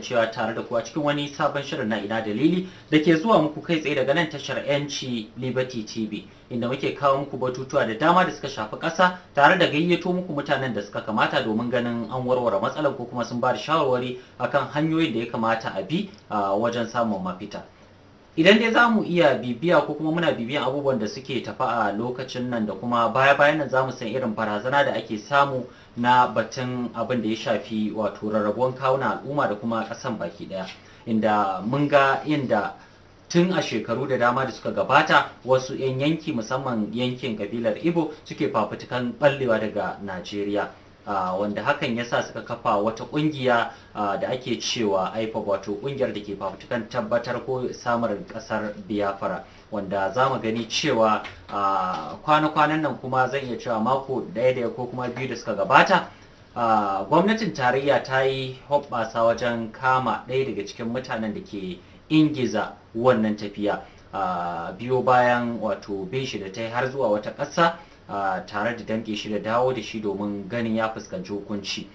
kasancewa tare da ku cikin wani sabon shirin na ina dalili da ke zuwa muku kai tsaye daga nan tashar yanci liberty tv inda muke kawo muku batutuwa da dama da suka shafi kasa tare da gayyato muku mutanen da suka kamata domin ganin an warware matsalar ko kuma sun ba da shawarwari akan hanyoyin da ya kamata a bi a wajen samun mafita idan dai za mu iya bibiya ko kuma muna bibiyan abubuwan da suke tafa a lokacin nan da kuma baya bayan nan za mu san irin barazana da ake samu na batun abin da ya shafi wato rarrabuwan kawuna al'umma da kuma ƙasan baki ɗaya inda mun ga inda tun a shekaru da dama da suka gabata wasu 'yan yanki musamman yankin kabilar ibo suke fafutukan ɓallewa daga najeriya Uh, wanda hakan yasa suka kafa wata kungiya uh, da ake cewa aifa wato kungiyar da ke fafutukan tabbatar ko samar ƙasar Biafra. wanda za mu gani cewa kwana-kwanan nan kuma zan iya cewa mako ɗaya da ko kuma biyu da suka gabata gwamnatin tarayya ta yi hoɓɓasa wajen kama ɗaya daga cikin mutanen da ke ingiza wannan tafiya biyo bayan wato bin shi da ta yi har zuwa wata ƙasa tare da danƙe shi da dawo da shi domin ganin ya fuskanci hukunci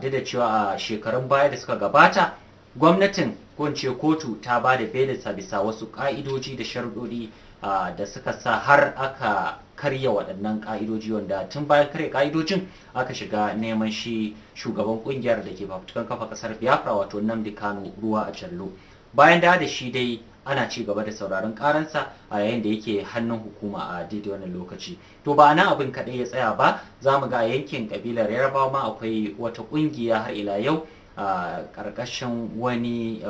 duk da cewa a shekarun baya da suka gabata gwamnatin ko ce kotu ta ba da belinsa bisa wasu ka'idoji da sharuɗoɗi da suka sa har aka karya waɗannan ka'idoji wanda tun bayan karya ka'idojin aka shiga neman shi shugaban kungiyar da ke fafutukan kafa kasar biafra wato namdi kano ruwa a jallo bayan da da shi dai ana ci gaba da sauraron karansa a yayin da yake hannun hukuma a daidai wannan lokaci to ba nan abin kaɗai ya tsaya ba za mu ga yankin kabilar yarbawa ma akwai wata ƙungiya har ila yau a ƙarƙashin wani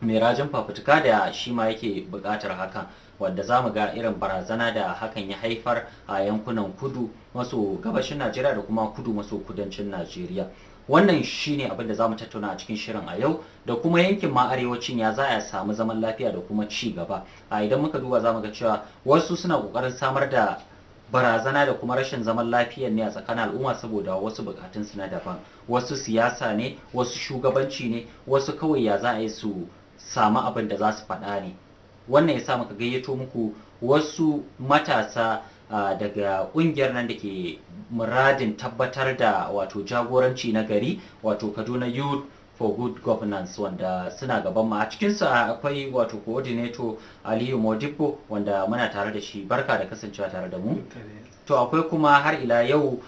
mai rajin fafutuka da shi ma yake buƙatar hakan wadda za mu ga irin barazana da hakan ya haifar a yankunan kudu maso gabashin najeriya da kuma kudu maso kudancin najeriya wannan shine abin da za mu tattauna a cikin shirin a yau da kuma yankin ma arewacin ya za a samu zaman lafiya da kuma ci gaba a idan muka duba za mu ga cewa wasu suna ƙoƙarin samar da barazana da kuma rashin zaman lafiyar ne a tsakanin al'umma saboda wasu bukatun su na daban wasu siyasa ne wasu shugabanci ne wasu kawai ya za a yi su samu abin da za su faɗa ne wannan ya sa muka gayyato muku wasu matasa daga ƙungiyar nan da ke muradin tabbatar da wato jagoranci na gari wato kaduna youth for good governance wanda suna gaban mu a cikinsa akwai wato coordinator aliyu modibo wanda muna tare da shi barka da kasancewa tare da mu to akwai kuma har ila yau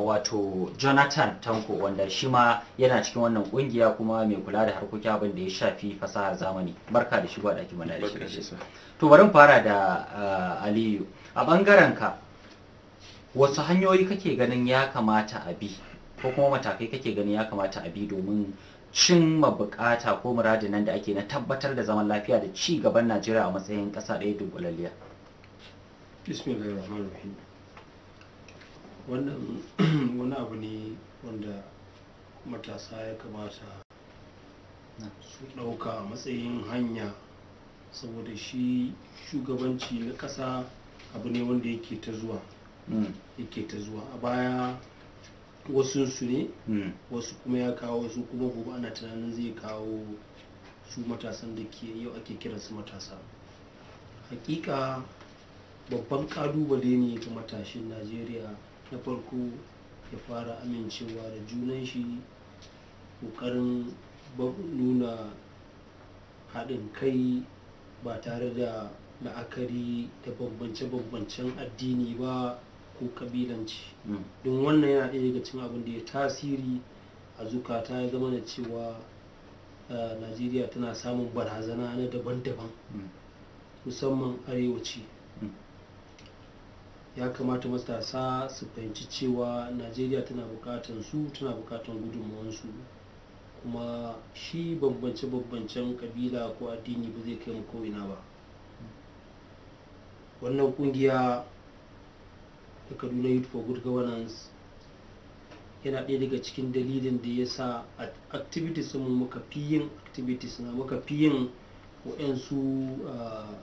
wato jonathan tanko wanda shi ma yana cikin wannan kungiya kuma mai kula da harkokin abin da ya shafi fasahar zamani barka da shigo gwada ɗakin mana to bari fara da aliyu a bangaren ka wasu hanyoyi kake ganin ya kamata a bi ko kuma matakai kake gani ya kamata a bi domin cimma bukata ko muradin nan da ake na tabbatar da zaman lafiya da ci gaban najeriya a matsayin ƙasa ɗaya dubulalliya. bismillahirrahmanirrahim wani abu ne wanda matasa ya kamata su ɗauka a matsayin hanya saboda shi shugabanci na ƙasa abu ne wanda yake ta zuwa hmm. a baya wasu su ne hmm. wasu kuma ya kawo wasu kuma gobe ana tunanin zai kawo su matasan da ke yau ake kiran su matasa hakika babban kalubale ne ga matashin najeriya na farko ya fara amincewa da junan shi kokarin nuna haɗin kai ba tare da la'akari da bambance-bambancen addini ba ko kabilanci hmm. don wannan yana ɗaya daga cikin abin da ya tasiri a zukata ya zama da cewa eh, najeriya tana samun barazana na daban-daban hmm. musamman arewaci hmm. ya kamata matasa su fahimci cewa najeriya tana bukatan su tana bukatan gudunmawansu kuma shi bambance-bambancen kabila ko addini ba zai kai mu ko'ina ba wannan kungiya da kaduna youth for good governance yana ɗaya daga cikin dalilin da ya sa activities mu muka fi yin activities na muka fi yin waɗansu ah,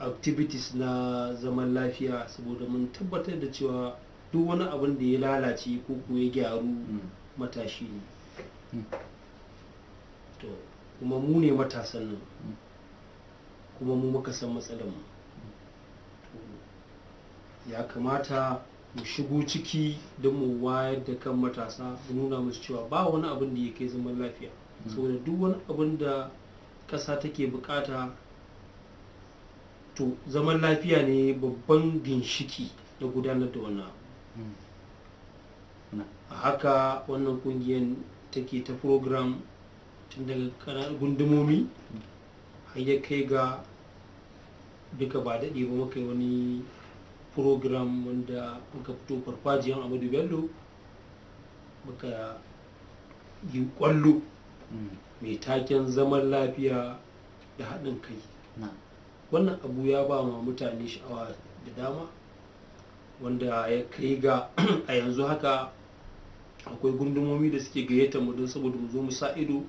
activities na zaman lafiya saboda mun tabbatar da cewa duk wani abin da ya lalace ko ko ya gyaru hmm. matashi ne hmm. kuma mu ne matasan nan hmm. kuma mu muka san matsalar mu ya kamata mu shigo ciki don mu wayar da kan matasa da nuna musu cewa ba wani abin da ya kai zaman lafiya mm. saboda duk wani abin da ƙasa take bukata to zaman lafiya ne babban ginshiki na gudanar da wannan mm. a haka wannan kungiyar take ta program tun daga gundumomi mm. har ya kai ga duka ba daɗe ba makai wani program wanda muka fito farfajiyar amadu bello muka yi kwallo mai taken zaman lafiya da haɗin kai wannan abu ya ba ma mutane sha'awa da dama wanda ya kai ga a yanzu haka akwai gundumomi da suke gayyata mu don saboda mu zo mu sa ido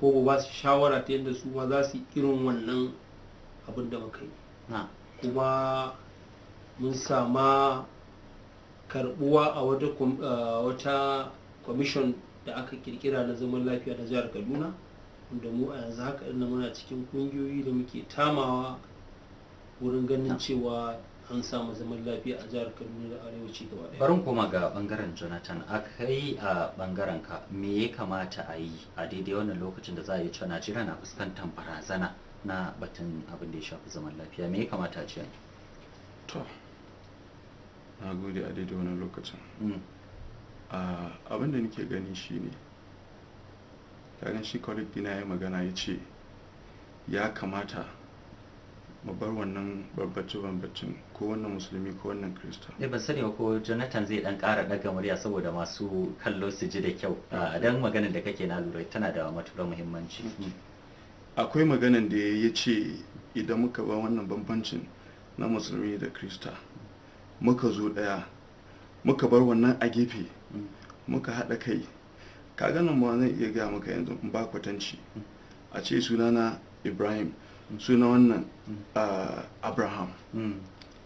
ko mu ba su shawara ta yadda su ma za su irin wannan abin da muka yi kuma mun sama karbuwa a wata kwamishin da aka kirkira na zaman lafiya na jihar kaduna da mu a yanzu haka ina muna cikin kungiyoyi da muke tamawa wurin ganin cewa an samu zaman lafiya a jihar kaduna da arewaci gaba daya barin kuma ga bangaren jonathan a kai a bangaren ka me ya kamata a yi a daidai wannan lokacin da za a yi cewa najeriya na fuskantar barazana na batun abin da ya shafi zaman lafiya me ya kamata a ce to na gode a daidai wani lokacin mm. abin da nake gani shi ne tarin shi colleague dina ya magana ya ce ya kamata mu bar wannan babbacin babbacin ko wannan musulmi ko wannan kirista eh, ne ba sani ko jonathan zai dan kara daga murya saboda masu kallo su ji da kyau a dan maganar da kake na lura tana da matura muhimmanci mm-hmm. akwai maganar da ya ce idan muka ba wannan bambancin na musulmi da kirista muka zo ɗaya muka bar wannan a gefe muka haɗa kai ka ganin ma zan iya gaya maka yanzu ba kwatanci a ce sunana ibrahim suna wannan abraham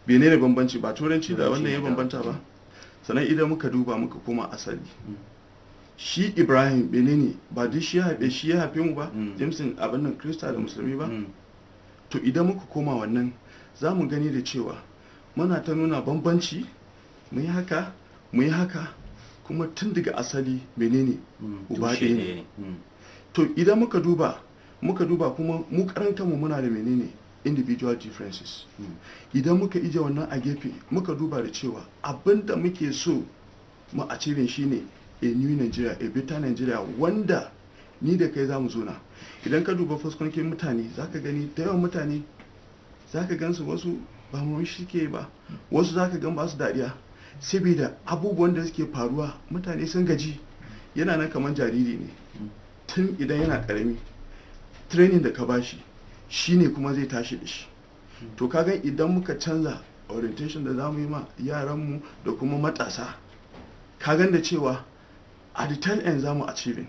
bene ne bambanci ba turanci da wannan ya bambanta ba sannan idan muka duba muka koma asali shi ibrahim bene ne ba duk shi ya haife shi ya haife mu ba jameson abin nan krista da musulmi ba to idan muka koma wannan za mu gani da cewa muna ta nuna bambanci mu yi haka mu yi haka kuma tun daga asali menene mm, uba ɗaya ne mm. to idan muka duba muka duba kuma mu karanta mu muna da menene individual differences mm. idan muka ije wannan a gefe muka duba da cewa abinda muke so mu a cikin shine a new nigeria a better nigeria wanda ni da kai za mu na idan ka duba fuskokin mutane za ka gani da yawan mutane za ka gansu wasu ba mu suke ba wasu za ka gan ba su dariya saboda abubuwan da suke faruwa mutane sun gaji yana nan kamar jariri ne tun idan yana karami training da ka ba shi, shi ne kuma zai tashi da shi to ka gan idan muka canza orientation da za mu yi ma yaran mu da kuma matasa ka gan da cewa a the tail end za mu achieving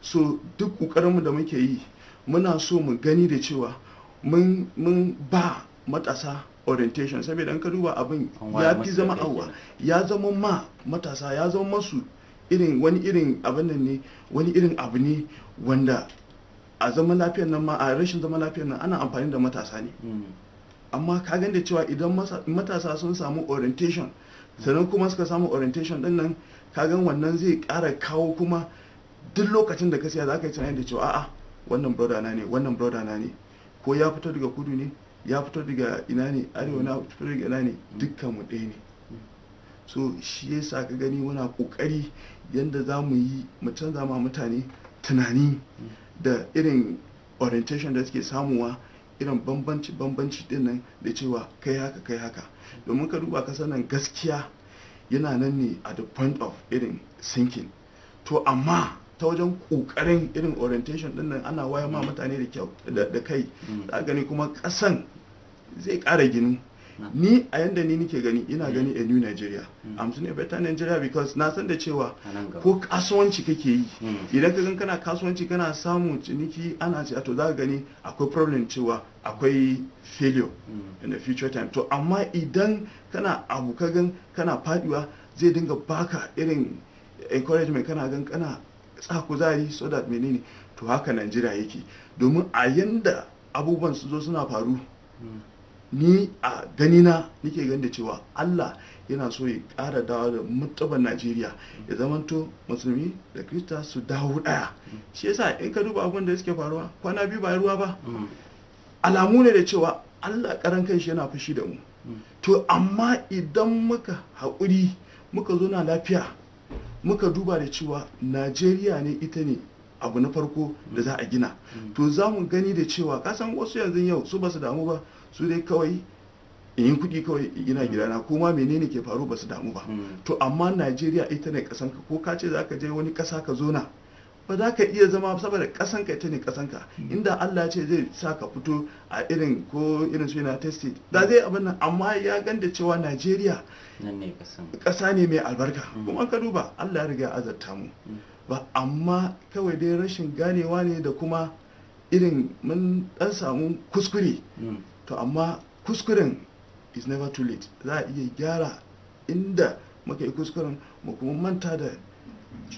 so duk ƙoƙarinmu da muke yi muna so mu gani da cewa mun ba matasa orientation saboda an ka duba abin ya fi zama awa ya zama ma matasa ya zama masu irin wani irin abin nan ne wani irin abu ne wanda a zaman lafiyar nan ma a rashin zaman lafiyar nan ana amfani da matasa ne hmm. amma ka da cewa idan matasa sun samu orientation sannan kuma suka samu orientation din nan ka gan wannan zai kara kawo kuma duk lokacin da ka siya za ka yi tunani da cewa a'a wannan broda na ne wannan broda na ne ko ya fito daga kudu ne ya fito daga ina ne arewa na fito daga ina ne dukkan mu ɗaya ne so shi ya sa ka gani muna kokari yadda za mu yi mu canza ma mutane tunani da irin orientation da suke samuwa irin bambanci bambanci din nan da cewa kai haka kai haka domin ka duba ka nan gaskiya yana nan ne a the point of irin sinking to amma ta wajen kokarin irin orientation din nan ana waya ma mutane da kyau da kai mm. za gani kuma kasan zai kara gini ni a yanda ni nike gani ina gani mm. a new nigeria mm. i'm soon a better nigeria because na san da cewa ko kasuwanci kake yi mm. idan ka gan kana kasuwanci kana samun ciniki ana ce to za ka gani akwai problem cewa akwai failure in the future time to amma idan kana abu ka gan kana faduwa zai dinga baka irin encouragement kana gan kana sa kuzari so that menene to haka nigeria yake domin a yanda abubuwan su zo suna faru ni a ganina nike ganin da cewa Allah yana so ya kara dawa da mutuban Najeriya ya zamanto musulmi da Kirista su dawo ɗaya shi yasa in ka duba abin da suke faruwa kwana biyu ba ruwa ba alamu ne da cewa Allah karan shi yana fushi da mu to amma idan muka haƙuri muka zo na lafiya muka duba da cewa Najeriya ne ita ne abu na farko da za a gina to za mu gani da cewa kasan wasu yanzu yau su ba su damu ba su dai kawai in kuɗi kawai ina gidana kuma menene ke faru ba su damu ba hmm. to amma najeriya ita ne kasanka ko ka ce za ka je wani kasa ka zo na ba za ka iya zama saboda kasanka ita ne kasanka hmm. inda Allah ce zai sa ka fito a irin ko irin su yana testi. da zai abin nan amma ya ganda cewa Najeriya kasa ne mai albarka hmm. kuma ka duba Allah ya riga azarta mu ba amma kawai dai rashin ganewa ne da kuma irin mun dan samu kuskure to amma kuskuren is never too late za a iya gyara inda muka yi kuskuren mu kuma manta da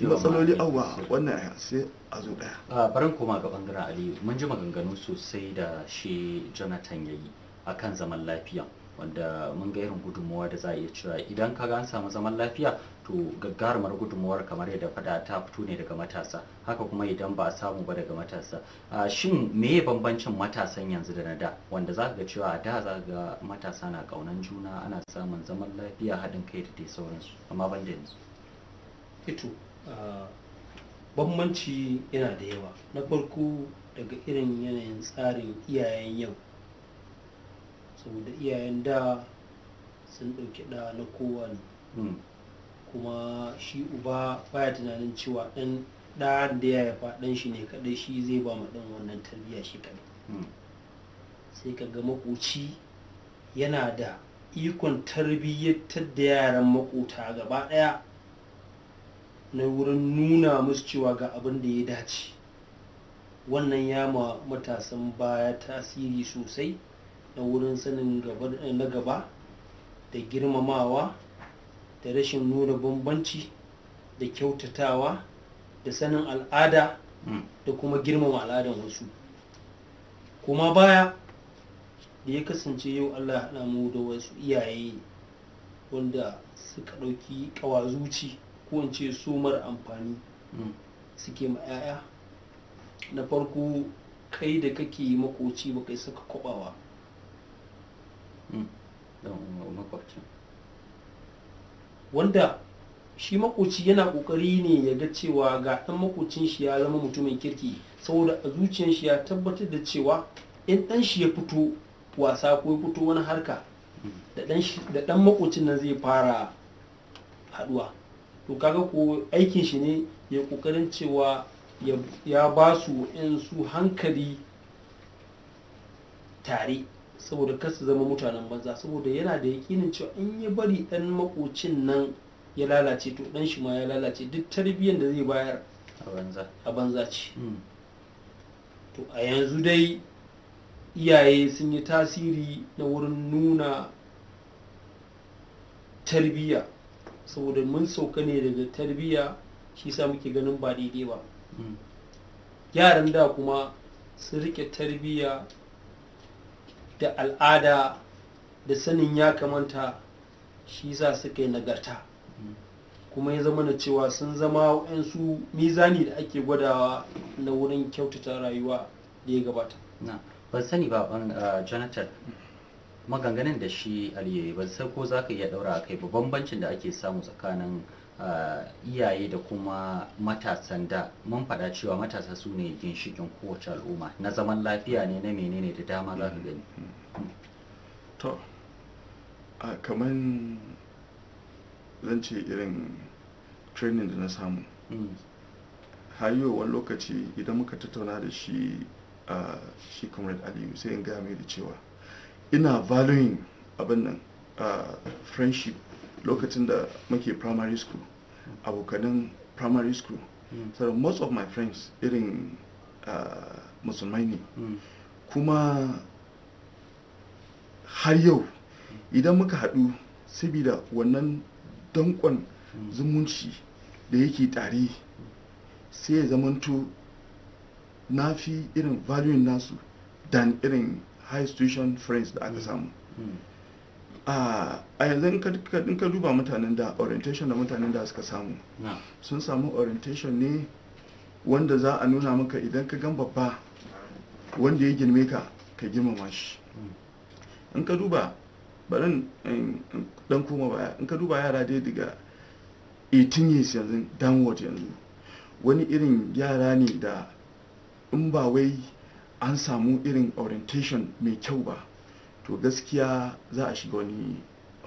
matsaloli awa wannan sai a zo daya barin koma ga bangaren aliyu mun ji maganganu sosai da shi jonathan ya yi a zaman lafiya wanda mun ga irin gudunmawa da za a iya cewa idan kaga an samu zaman lafiya to gagarumar gudunmuwar kamar yadda fada ta fito ne daga matasa haka kuma idan ba a samu ba daga matasa shin me bambancin matasan yanzu da na da wanda za ga cewa a da za ga matasa na ƙaunan juna ana samun zaman lafiya haɗin kai da dai sauransu amma ban da yanzu fito eh bambanci yana da yawa na farko daga irin yanayin tsarin iyayen yau saboda iyayen da sun ɗauki ɗa na kowane hmm. kuma shi uba baya tunanin cewa ɗan da da ya haifa ɗan shi ne kaɗai shi zai ba ma ɗan wannan tarbiyya shi kaɗai hmm. sai ka ga makoci yana da ikon tarbiyyatar da yaran makota gaba ɗaya na wurin nuna musu cewa ga abin da ya dace wannan ya ma matasan baya tasiri sosai na wurin sanin na gaba da girmamawa da rashin nuna bambanci da kyautatawa da sanin al'ada hmm. da kuma girmama al'adan wasu kuma baya da ya kasance yau allah ya mu da wasu iyaye wanda suka ɗauki ƙawazuci ko in ce sumar amfani hmm. suke ma 'ya'ya na farko kai da kake makoci ba kai saka kwaɓawa. Hmm. don wanda shi makoci yana kokari ne ya ga cewa ga ɗan makocin shi ya zama mutumin kirki saboda a zuciyar shi ya tabbatar da cewa in dan shi ya fito wasa ko ya fito wani harka da ɗan makocin nan zai fara haɗuwa, to kaga ko aikin shi ne ya kokarin cewa ya ba su in su hankali tare saboda kar zama mutanen banza saboda yana da yakinin cewa in ya bari dan makocin nan ya lalace to dan shi ma ya lalace duk tarbiyyar da zai bayar a banza ce hmm. to a yanzu dai iyaye sun yi tasiri na wurin nuna tarbiyya saboda mun sauka ne daga tarbiyya shi sa muke ganin ba daidai ba hmm. yaran da kuma sun rike tarbiyya da al'ada da sanin ya kamanta shi za suka yi nagarta kuma ya zama na cewa sun zama wa'yansu mizani da ake gwadawa na wurin kyautata rayuwa da ya gabata ban sani ba ban ah, jonathan maganganun da shi aliyu ban sai ko za ka iya daura a kai ba bambancin da ake samu tsakanin iyaye da kuma matasan da mun faɗa cewa matasa su ne ginshikin kowace al'umma na zaman lafiya ne na menene da dama za ka gani mm-hmm. to a kamar zan irin training da na samu mm. hayo wani lokaci idan muka tattauna da shi a shi comrade aliyu sai in gaya mai da cewa ina valuing abin nan friendship lokacin da muke primary school abokanin primary school hmm. so most of my friends irin uh, musulmai ne hmm. kuma har yau hmm. idan muka haɗu saboda wannan dankon zumunci da yake tare sai ya zamanto na fi irin valuing nasu dan irin high station friends da aka samu a yanzu in ka duba mutanen da orientation da mutanen da suka samu sun samu orientation ne wanda za a nuna maka idan ka gan babba wanda ya girme ka ka girmama shi hmm. in ka duba barin dan koma baya in ka duba yara dai daga 18 years yanzu downward yanzu wani irin yara ne da in ba wai an samu irin orientation mai kyau ba to gaskiya za a shiga wani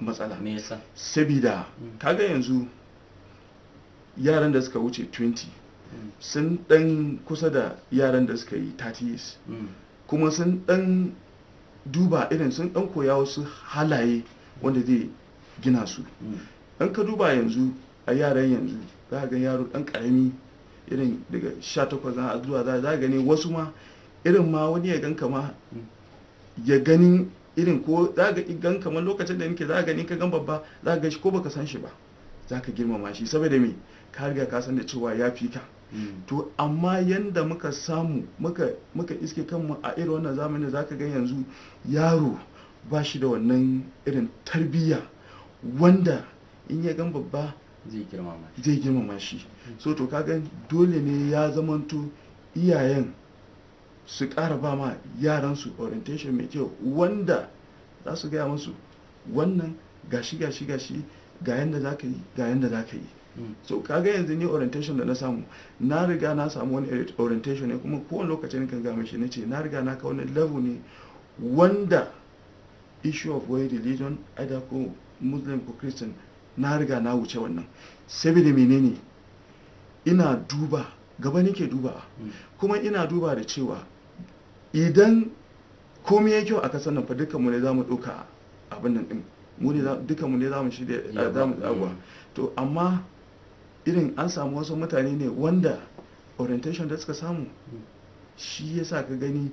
matsala me yasa saboda mm. kaga yanzu yaran da suka wuce 20 mm. sun dan kusa da yaran da suka yi 30 years mm. kuma sun dan duba irin sun dan koya wasu halaye wanda zai gina su dan ka duba yanzu a yaran yanzu za ga yaro dan karami irin daga 18 za a zuwa za a gani wasu ma irin ma wani ya ganka ma ya ganin irin ko za ga gan kamar lokacin da nake za ga ni ka gan babba za ga shi ko baka san shi ba za ka girmama shi saboda me ka riga ka san da cewa ya fi ka hmm. to amma yanda muka samu muka iske kanmu a irin wannan zamani za ka ga yanzu yaro ba shi da wannan irin tarbiyya wanda in ya gan babba zai girmama shi hmm. so to kaga dole ne ya zamanto iyayen su ƙara ba ma yaransu orientation mai kyau wanda za su gaya musu wannan gashi gashi gashi ga yadda za ka yi ga yadda za ka yi hmm. so kaga yanzu ni orientation da na samu na riga na samu wani orientation ne kuma kowane lokacin kan gama shi na ce na riga na ka wani level ne wanda issue of way religion either ko muslim ko christian na riga na wuce wannan saboda menene ina duba gaba nake duba hmm. kuma ina duba da cewa idan komai ya kyau a kasar nan fa dukkanmu ne za mu ɗauka abin nan ɗin mu ne dukkanmu ne za mu shi da eh, za mu ɗagwa mm. to amma irin an samu wasu mutane ne wanda orientation da suka samu mm. shi ya sa ka gani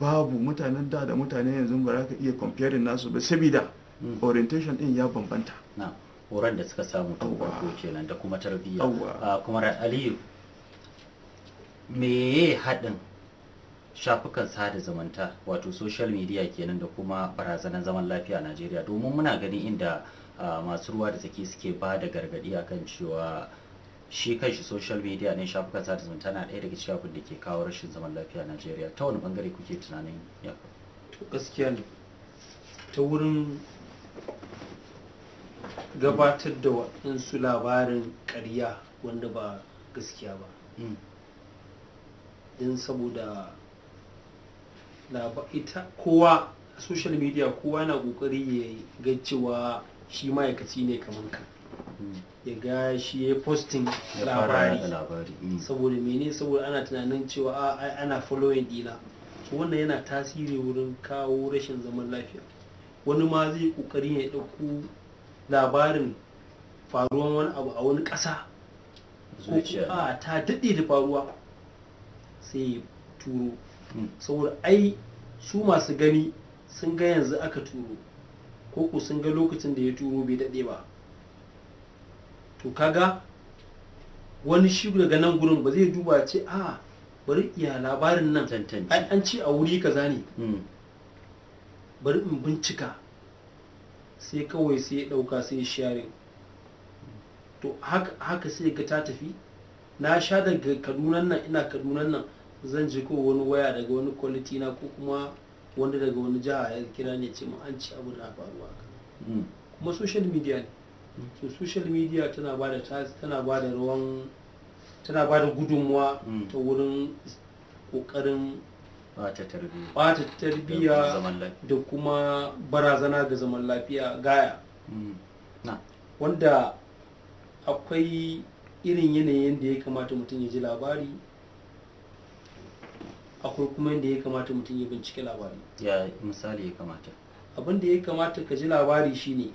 babu mutanen da da mutane yanzu ba za ka iya comparing nasu ba saboda mm. orientation din ya bambanta horon da suka samu tun farko kenan da kuma tarbiyya ah, kuma aliyu me haɗin shafukan sada zamanta wato social media kenan da kuma barazanar zaman lafiya a najeriya domin muna gani inda masu ruwa da tsaki suke ba da gargadi akan cewa shi kanshi social media ne shafukan sada zamanta na ɗaya daga cikin da ke kawo rashin zaman lafiya a najeriya ta wani bangare kuke tunanin ya gaskiya ne ta wurin gabatar da waɗansu labarin ƙarya wanda ba gaskiya ba mm. don saboda ita kowa social media kowa na kokari ya ga cewa shi ma'aikaci ne kamar ka ya ga shi ya posting labari mm. saboda mene saboda ana tunanin cewa ah, ana following dina so wannan yana tasiri wurin kawo rashin zaman lafiya wani ma zai kokari ya ɗauko labarin faruwan wani abu a wani ƙasa ko a ta daɗe da faruwa sai ya turo saboda ai su masu gani sun ga yanzu aka turo ko ku sun ga lokacin da ya turo bai daɗe ba to kaga wani shi daga nan gurin ba zai duba ce a ah, bari iya labarin nan ai an ce a wuri kaza ne hmm. bari in bincika sai kawai sai ya ɗauka sai share. to haka sai ga ta tafi na sha daga kadunan nan ina kadunan nan zan ji ko wani waya daga wani kwaliti na ko kuma wanda daga wani jiha ya kira ne ce an ci abu na faruwa hmm. kuma social media ne so social media tana ba da tana ba da ruwan tana ba da gudunmuwa hmm. ta wurin kokarin bata tarbiyya da kuma barazana ga zaman lafiya gaya hmm. wanda akwai irin yanayin da ya kamata mutum ya ji labari akwai kuma yadda ya kamata mutum ya bincike labari ya misali ya kamata abin da ya kamata ka ji labari shine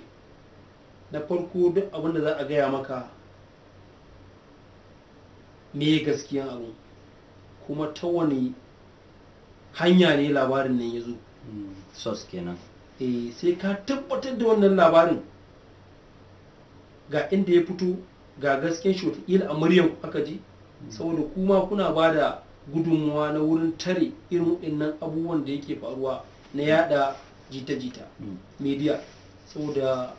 na farko duk abin da za a gaya maka me gaskiyan abu kuma ta wani hanya ne labarin nan ya zo hmm, sos kenan eh, sai ka tabbatar da wannan labarin ga inda ya fito ga gasken shi ila a muryan aka ji hmm. saboda kuma kuna ba da gudunmuwa na wurin tare irin waɗannan abubuwan da yake faruwa na yada jita-jita media saboda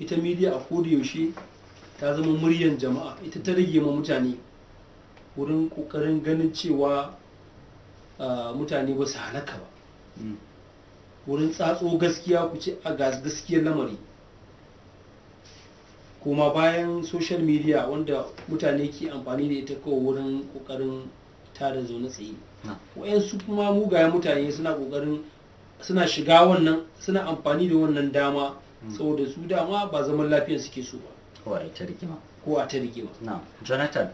ita media a yaushe ta zama muryan jama'a ita ta rage ma mutane wurin ƙoƙarin ganin cewa mutane ba su halaka ba wurin tsatso gaskiya ku ce a gaskiyar lamari kuma bayan social media wanda mutane ke amfani da ita kawai wurin kokarin tada zaune tsaye wayansu kuma mugayen mutane suna kokarin suna shiga wannan suna amfani da wannan dama hmm. saboda su dama ba zaman lafiyar suke so ba ko a ta rigima na jonathan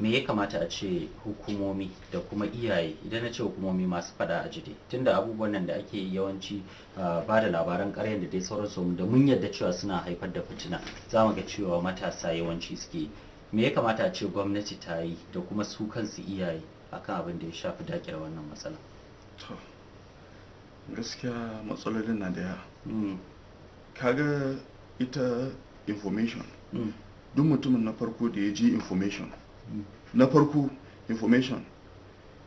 me ya kamata a ce hukumomi da kuma iyaye idan na ce hukumomi masu fada a jide tunda abubuwan nan da ake yawanci ba da labaran ƙaryar da dai sauransu da mun yarda cewa suna haifar da fitina za mu ga cewa matasa yawanci suke me ya kamata a ce gwamnati ta yi da kuma su kansu iyaye akan abin da ya shafi dakira wannan matsala gaskiya matsalolin na da yawa hmm. kaga ita information hmm. duk mutumin na farko da ya ji information hmm. na farko information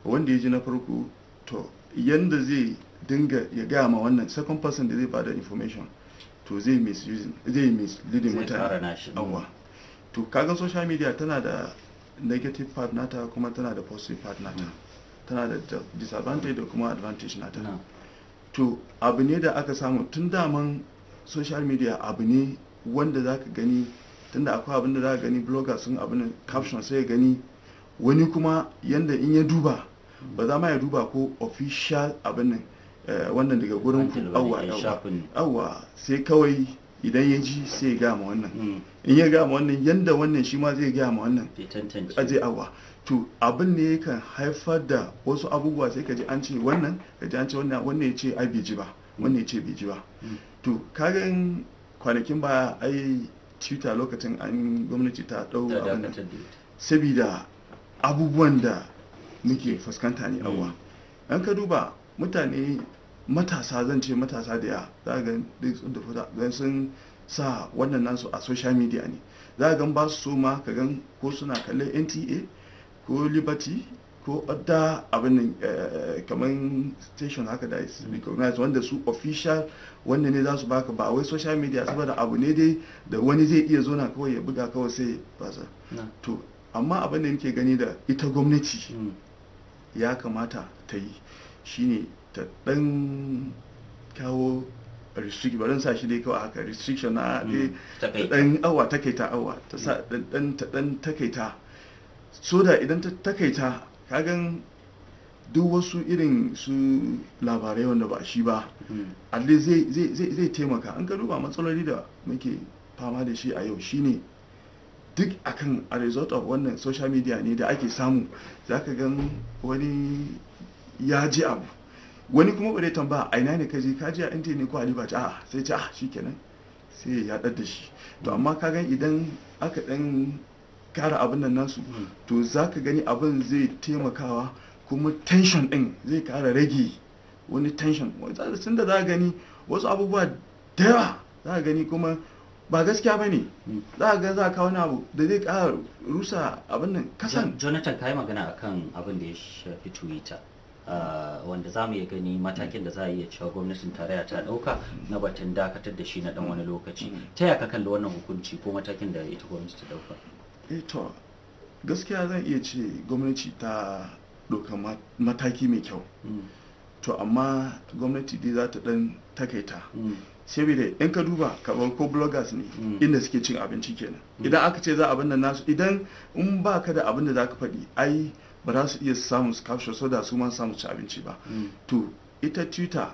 wanda ya ji na farko to yanda zai dinga ya gaya ma wannan second person da zai bada information to zai misleading mutane awa to kaga social media tana da negative part nata kuma tana da positive part nata hmm. tana da disadvantage da kuma advantage nata hmm. to abu ne da aka samu tun daman social media abu ne wanda za ka gani tunda akwai abin da za ka gani bloggers sun abin caption sai ya gani wani kuma yanda in ya duba hmm. ba za ma ya duba ko official abin nan eh, wannan daga gurin ku Awa sai kawai idan ya ji sai ya gama wannan in ya gama wannan yadda wannan shi ma zai gama wannan zai awa to abin ne kan haifar da wasu abubuwa sai ka ji an ce wannan ka ji an ce wannan wannan ya ce ai bai ji ba wannan ya ce bai ji ba hmm. to kagan kwanakin ba ai twitter lokacin an gwamnati ta dau abin sabida abubuwan da muke fuskanta ne awa an hmm. ka duba mutane matasa zan ce matasa da ya za ga duk sun sa wannan nasu a social media ne za gan ba su so ma ka gan ko suna kalle nta ko liberty ko da abin eh, kamar station haka da is recognize wanda su official wanda ne za su baka ba wai social media saboda abu ne dai da wani zai iya zona kawai ya buga kawai sai basa. to amma abin da nake gani da ita gwamnati hmm. ya kamata ta yi shine ta dan kawo restriction barin sa shi dai kawai haka restriction na hmm. dai dan awa takaita awa ta sa dan hmm. dan takaita so da idan ta takaita kagan duk wasu irin su labarai wanda ba shi ba hmm. at zai zai taimaka an ka duba matsaloli da muke fama da shi a yau shine duk akan a result of wannan social media ne da ake samu zaka gan wani ya ji abu wani kuma bare tamba a ina ne ka je ka je a inda ne ko alibaci a sai ce shi kenan sai ya da shi to amma ka gan idan aka ɗan kara abin nan nasu hmm. to za ka gani abin zai taimakawa kuma tension din zai kara rage wani tension sun da za gani wasu abubuwa da yawa za gani kuma ba gaskiya ba ne hmm. za ga za ka wani abu da zai kara rusa abin nan kasan jonathan ka yi magana akan abin da ya shafi twitter Eh, wanda za mu iya gani matakin da za a iya cewa gwamnatin tarayya ta ɗauka na batun dakatar da shi na dan wani lokaci ta yaka kalli wannan hukunci ko matakin da ita gwamnati ta ɗauka eh, to gaskiya zan iya ce gwamnati ta ɗauka mataki mai kyau mm. to amma gwamnati dai za ta ɗan takaita mm. saboda in ka duba kamar ko bloggers ne mm. inda suke cin abinci kenan idan aka ce za abin nan nasu idan in ba ka da abin da za ka faɗi ai ba za su iya samun su kafshe so da su ma samu ci abinci ba mm. to ita twitter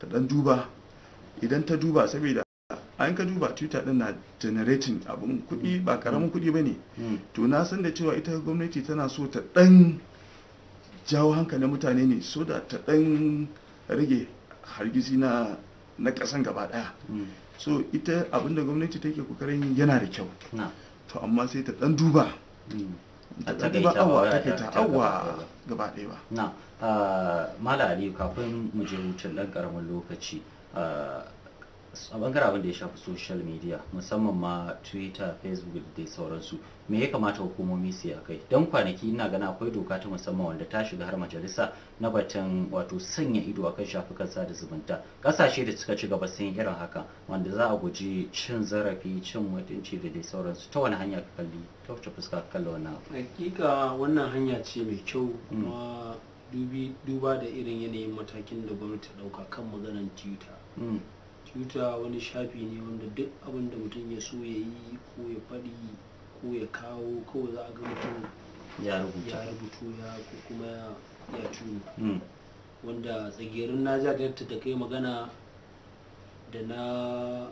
ta dan duba idan ta duba saboda an ka duba twitter din na generating abun kuɗi ba karamin mm. kuɗi ba ne mm. to na san da cewa ita gwamnati tana so ta dan jawo hankalin mutane ne so da ta dan rage hargitsi na na kasan gaba daya hmm. so ita abinda gwamnati take kokarin yana da kyau ah. to amma sai ta dan duba hmm. a ta awa ta awa gaba daya ba na ah, mala aliyu kafin mu je wucin ɗan ƙaramin lokaci ah, a bangaren abin da ya shafi social media musamman ma twitter facebook da dai sauransu me ya kamata hukumomi su a kai don kwanaki ina gana akwai doka ta musamman wanda ta shiga har majalisa na batun wato sanya ido akan shafukan sada zumunta kasashe da suka ci gaba sun yi irin haka wanda za a guji cin zarafi cin mutunci da dai sauransu ta wani hanya ka kalli ta wace fuska ka kalli wannan abu hakika wannan hanya ce mai kyau hmm. kuma duba da irin yanayin matakin da gwamnati ta dauka kan maganar twitter hmm. twitter wani shafi ne wanda duk abin da mutum ya so ya yi ko ya faɗi ko ya kawo kawai za a ga mutum ya rubutu ya ko kuma ya tuni hmm. wanda tsagerin na jagarta da kai magana da na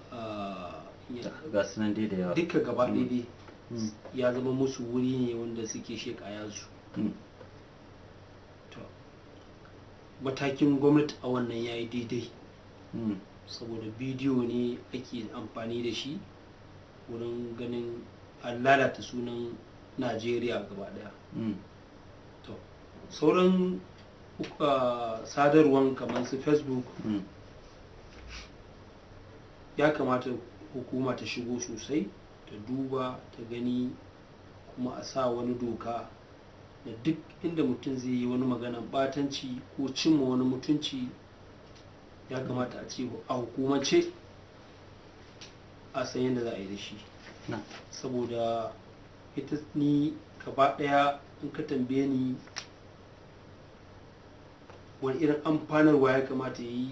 duka gaba daidai hmm. hmm. ya zama musu wuri ne wanda suke shekaya su matakin gwamnati a wannan ya yi daidai saboda bidiyo ne ake amfani da shi wurin ganin an lalata sunan najeriya gaba daya hmm. to sauran uh, sadarwan kamar su facebook hmm. ya kamata hukuma ta shigo sosai ta duba ta gani kuma a sa wani doka da duk inda mutum zai yi wani maganan batanci ko cimma wani mutunci ya kamata a ce a hukumance a san yadda za a yi da shi saboda ita ni gaba daya in ka tambaye ni wani irin amfanarwa ya kamata yi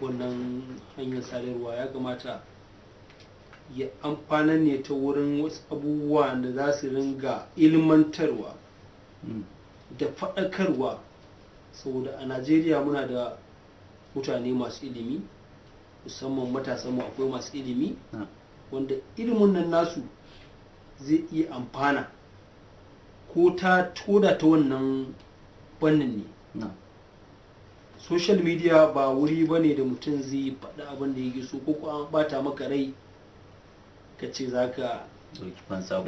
wannan hanyar sadarwa ya kamata ya amfana ne ta wurin wasu abubuwa da za su ringa ilmantarwa hmm. da faɗakarwa saboda a najeriya muna da mutane masu ilimi musamman matasanmu akwai masu ilimi ah. wanda ilimin nan nasu zai iya amfana ko ta toda ta wannan fannin ne ah. social media ba wuri ba ne da mutum zai faɗi abin da yake so ko ko an bata maka rai ka ce za ka ɗauki fansa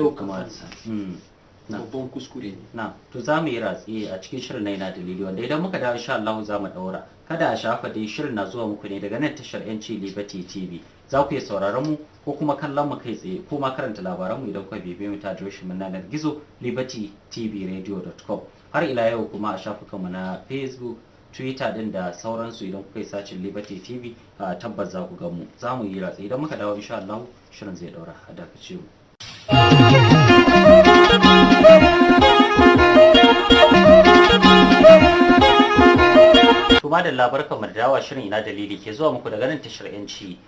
hmm. babban kuskure ne to za mu yi ratsi a cikin shirin na yana dalili wanda idan muka dawo insha Allah za mu ɗaura kada a shafa dai shirin na zuwa muku ne daga nan tashar yanci liberty tv za ku iya sauraron mu ko kuma kallon mu kai tsaye ko ma karanta labaran mu idan kuka bibiye mu ta adireshin mun nan gizo Radio.com har ila yau kuma a shafukan mu na facebook twitter din da sauransu idan kuka yi sacin liberty tv a tabbas za ku ga mu za mu yi ratsa idan muka dawo insha Allah shirin zai daura a dakace mu to ma da labarkan dawa shirin ina dalili ke zuwa muku daga nan tashar yanci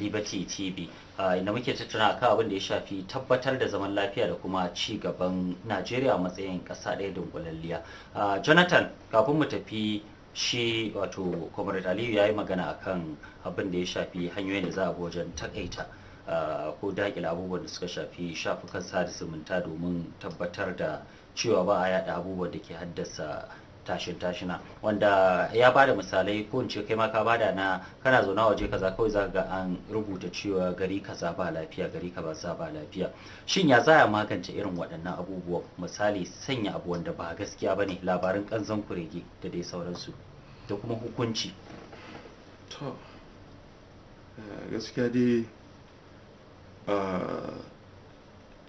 liberty tv inda muke tattauna kan abin da ya shafi tabbatar da zaman lafiya da kuma ci gaban najeriya matsayin ƙasa ɗaya dunkulalliya jonathan kafin mu tafi shi wato comrade aliyu ya yi magana akan abin da ya shafi hanyoyin da za a wajen takaita ko daƙila abubuwan da suka shafi shafukan sada zumunta domin tabbatar da cewa ba a yaɗa abubuwan da ke haddasa tashin tashina wanda ya bada misalai ko in ce kai ma ka bada na kana zauna waje kaza kawai za ga an rubuta cewa gari kaza ba lafiya gari ka ba za ba lafiya shin ya za magance irin waɗannan abubuwa misali sanya abu wanda ba gaskiya bane labarin kanzan kurege da dai sauransu da kuma hukunci to eh, gaskiya dai ah,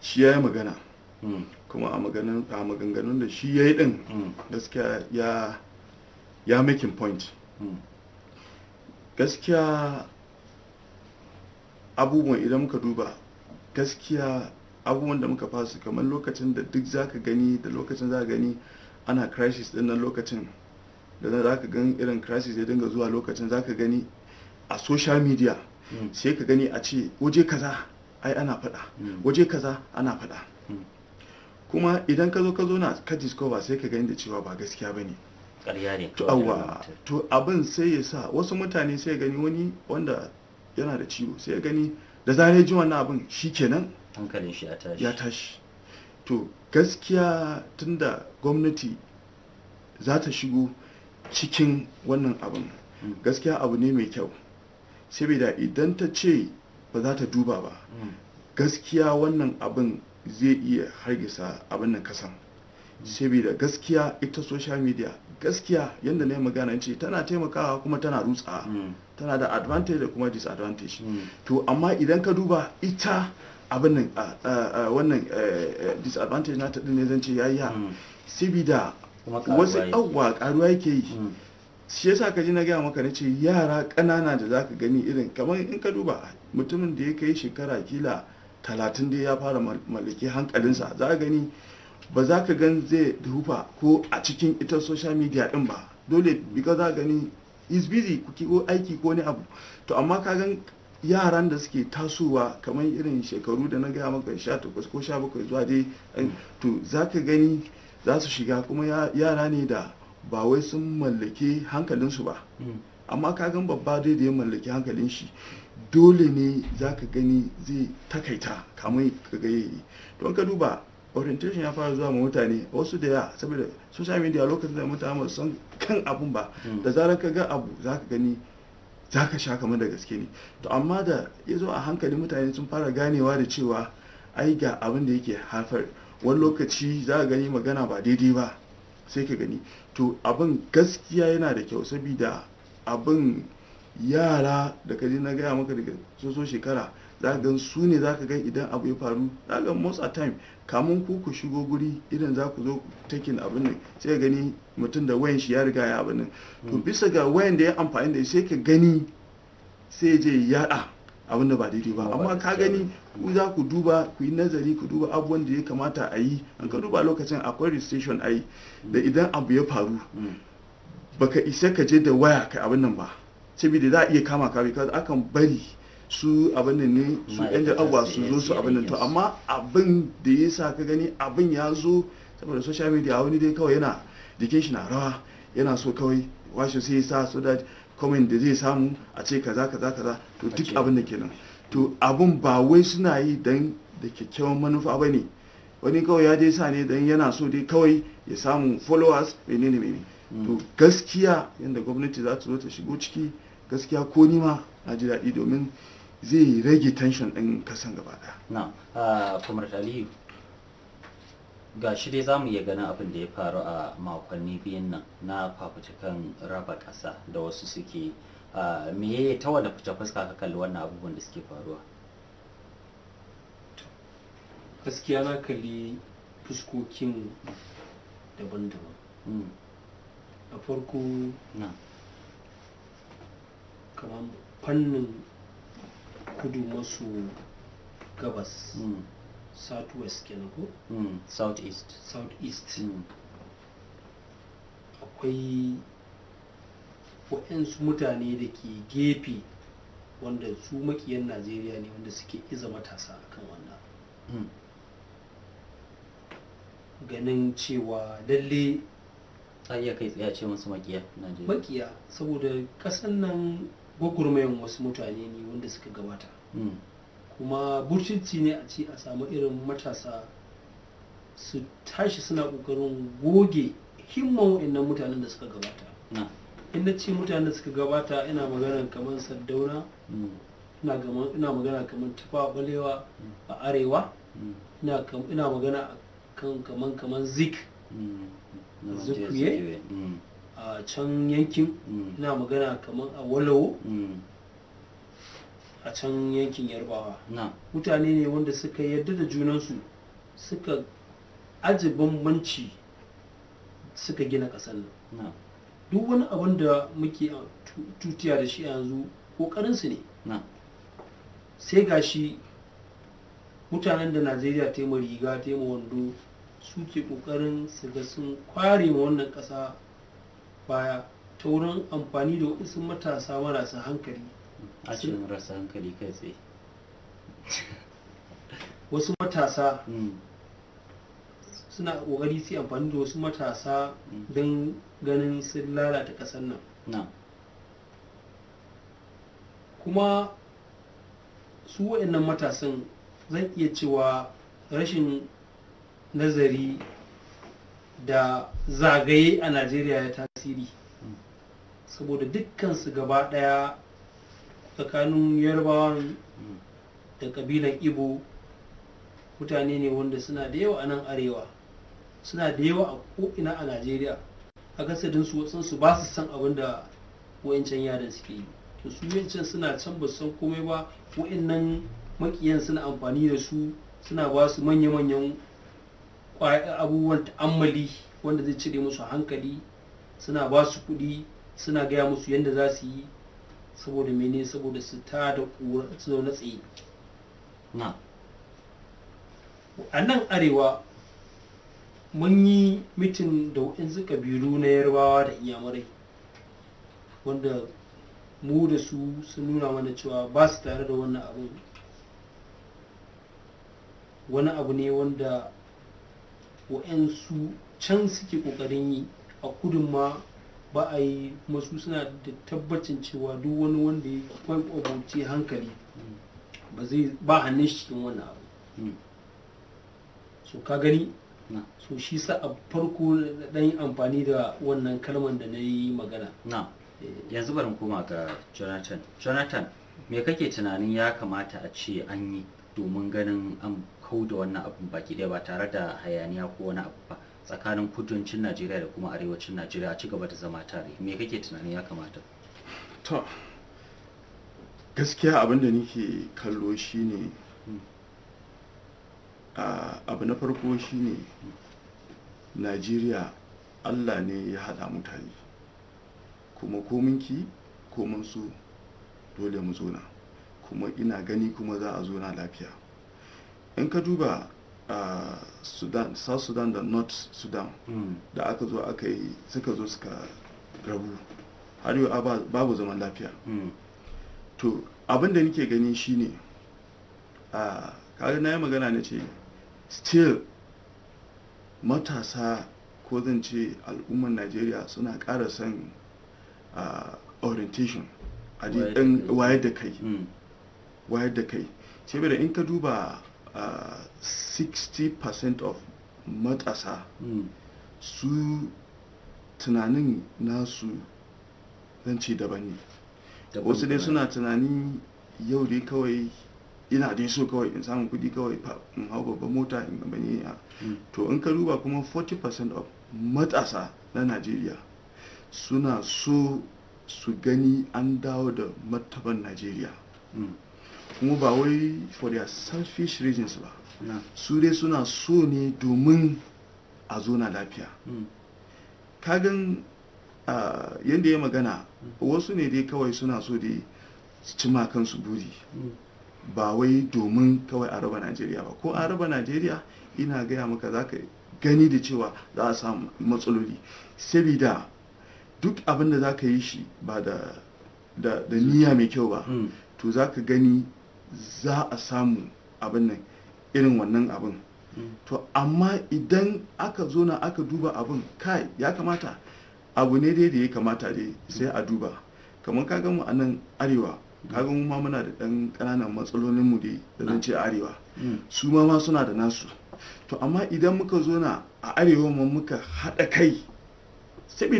shi ya yi magana hmm. kuma a maganganun da shi ya yi din mm. gaskiya ya ya making point mm. gaskiya abubuwan idan muka duba gaskiya abubuwan da muka fasu kamar lokacin da duk zaka gani da lokacin za gani ana crisis din nan lokacin da za ka gan irin crisis ya dinga zuwa lokacin za ka gani a social media mm. sai ka gani a ce waje kaza ai ana faɗa waje kaza ana faɗa kuma idan ka zo ka zo na ka discover sai ka gani da cewa ba gaskiya ba ne ƙarya ne to awa to abin sai ya sa wasu mutane sai gani wani wanda yana da ciwo sai gani da zarar ji wannan abin shi kenan hankalin shi ya tashi to gaskiya tunda gwamnati za ta shigo cikin wannan abin hmm. gaskiya abu ne mai kyau saboda idan ta ce ba za ta duba ba hmm. gaskiya wannan abin zai iya hargisa abin nan kasan saboda gaskiya ita social media gaskiya yadda na yi magana ce tana taimakawa kuma tana rutsa hmm. tana da advantage da kuma disadvantage hmm. to amma idan ka duba ita abinnan wannan eh, eh, disadvantage na taɗin ne zan ce yi ya hmm. saboda wasu abubuwa ƙaruwa yake yi shi yasa ka ji na gaya maka na ce yara ƙanana da za ka gani irin kamar in ka duba mutumin da ya kai shekara kila talatin dai ya fara mallaki hankalinsa za a gani ba za ka gan zai hufa ko a cikin ita social media din ba dole bika za gani is busy ko aiki ko wani abu to amma ka gan yaran da suke tasowa kamar irin shekaru da na gaya maka sha takwas ko sha bakwai zuwa dai to za ka gani za su shiga kuma yara ne da ba wai sun mallake hankalinsu ba hmm. amma ka gan babba dai da ya mallaki hankalin shi dole ne za ka gani zai takaita kaman ka ga don ka duba orientation ya fara zuwa ma mutane wasu da ya saboda social media lokacin da mutane son kan abun ba hmm. da zarar ka ga abu za ka gani za ka sha kamar da gaske ne to amma da ya zo a hankali mutane sun fara ganewa da cewa ai ga abin da yake haifar wani lokaci za ka gani magana ba daidai ba sai ka gani to abin gaskiya yana da kyau saboda abin yara da kaji na gaya maka daga soso shekara za ka su ne za ka gan idan abu ya faru za ka most of time kamun ku ku shigo guri idan za ku zo takin abin nan sai gani mutum da wayan shi ya riga ya abin nan to hmm. bisa ga wayan da ya amfani da sai ka gani sai je yada abin da ba daidai ba amma ka gani ku za ku duba ku yi nazari ku duba abubuwan da ya kamata a yi an ka duba lokacin akwai registration a yi da hmm. idan abu ya faru hmm. baka isa ka je da waya kai abin nan ba saboda za a iya kama ka because akan bari su abin da ne su yan abuwa su zo su abin to amma abin da ya sa ka gani abin ya zo saboda social media wani dai kawai yana jikin shi na rawa yana so kawai washe sai ya sa so da comment da zai samu a ce kaza kaza kaza to duk abin da kenan to abin ba wai suna yi dan da kyakkyawan manufa ba ne wani kawai ya dai sa ne dan yana so dai kawai ya samu followers menene menene mm. to gaskiya yadda gwamnati za ta zo ta shigo ciki gaskiya ko nima ma ji daɗi domin zai rage tension ɗin kasan gaba ɗaya na kuma ga shi dai za mu iya ganin abin da ya faru a makonni biyun nan na fafutukan raba ƙasa da wasu suke me ya ta da fice fuska ka kalli wannan abubuwan da suke faruwa gaskiya na kalli fuskokin daban-daban hmm. a farko na kamar fannin kudu masu gabas mm. south west kenan ko? Mm. south east south east mm. akwai waɗansu mutane da ke gefe wanda su makiyan najeriya ne wanda suke iza matasa akan wannan ganin cewa lalle ta iya kai tsaye ce musu makiya najeriya makiya saboda kasan nan gwagwarmayan wasu mutane ne wanda suka gabata hmm. kuma burcinci ne a ce a samu irin matasa su tashi suna kokarin goge himman wa'annan mutanen da suka gabata inda ce mutanen da suka gabata ina magana kamar saddauna hmm. ina magana kamar tufa balewa a arewa hmm. ina magana kan kamar zik Zikuye? a can yankin mm. ina magana kamar a walawo mm. a can yankin yarbawa mutane ne wanda suka yarda da junansu suka aji bambanci suka gina ƙasar nan duk wani abin da muke tutiya da shi yanzu ƙoƙarinsu ne sai ga shi mutanen da najeriya ta yi riga ta yi wando suke ƙoƙarin su ga sun kware ma wannan ƙasa baya ta wurin amfani da wasu matasa marasa hankali a cikin marasa hankali kai tsaye wasu matasa hmm. suna kokari su amfani da wasu matasa hmm. don ganin sun lalata kasar nan kuma su waɗannan matasan zan iya cewa rashin nazari da zagaye a najeriya ya tasiri saboda su gaba daya tsakanin yarbawan da kabilan ibo mutane ne wanda suna da yawa a nan arewa suna da yawa a ko'ina a najeriya a kasadin su su ba su san abin da wa'ancan yaran suke yi to su suna can ba san komai ba wa'annan makiyan suna amfani da su suna ba su manya-manyan abubuwan ta'ammali wanda zai cire musu hankali suna ba su kuɗi suna gaya musu yadda za su yi saboda mene saboda su ta da ƙura su zaune tsaye a nan arewa mun yi mitin da waɗansu ƙabilu na yarbawa da iyamurai wanda mu da su sun nuna mana cewa ba su tare da wannan abu wani abu ne wanda waɗansu can suke ƙoƙarin yi a kudun ma ba a yi kuma suna da tabbacin cewa duk wani wanda ya abuci hankali ba zai ba hannun shi cikin wannan abu so ka gani so shi sa a farko dan yi amfani da wannan kalman da na yi magana yanzu barin koma ga jonathan jonathan me kake tunanin ya kamata a ce an yi domin ganin an kau da wannan abun baki ɗaya ba tare da hayaniya ko wani abu ba tsakanin kudancin najeriya da kuma arewacin najeriya a ci gaba da zama tare me kake tunanin ya kamata to gaskiya abin da nake kallo shine abu na farko shine najeriya allah ne ya haɗa mutane kuma kominki komin su dole mu zona kuma ina gani kuma za a zona lafiya in ka duba a sudan south sudan da north sudan hmm. da aka zo aka yi suka zo suka rabu har yi babu zaman lafiya hmm. to abin da nake gani shine a na yi magana na ce still matasa ko zan ce al'ummar najeriya suna ƙara son orientation a wayar da kai wayar da kai hmm. da in ka duba 60% of matasa hmm. su tunanin nasu zan ce daban ne wasu dai suna tunanin yau dai kawai ina dai so kawai in samun kudi kawai in hau babban mota in gaba ne hmm. to in ka duba kuma 40% of matasa na najeriya suna so su gani an dawo da mataban najeriya hmm. kuma ba wai for their selfish reasons ba su dai suna so ne domin a zona lafiya hmm. kagan yadda ya magana hmm. wasu ne dai kawai suna so dai su cima kansu buri hmm. ba wai domin kawai a raba najeriya ba ko a raba najeriya ina gaya maka za ka gani da cewa za a samu matsaloli sabida duk abin da za ka yi shi ba da niyya mai kyau ba to za ka gani za a samu abin nan irin wannan abin to amma idan aka zo na aka duba abin kai ya kamata abu ne dai da ya kamata dai sai a duba kamar kaga mu a nan arewa kaga mu ma muna da ɗan kananan matsalolin mu dai da zan ce arewa mm. su ma ma suna da nasu to amma idan muka zo na a arewa ma muka haɗa kai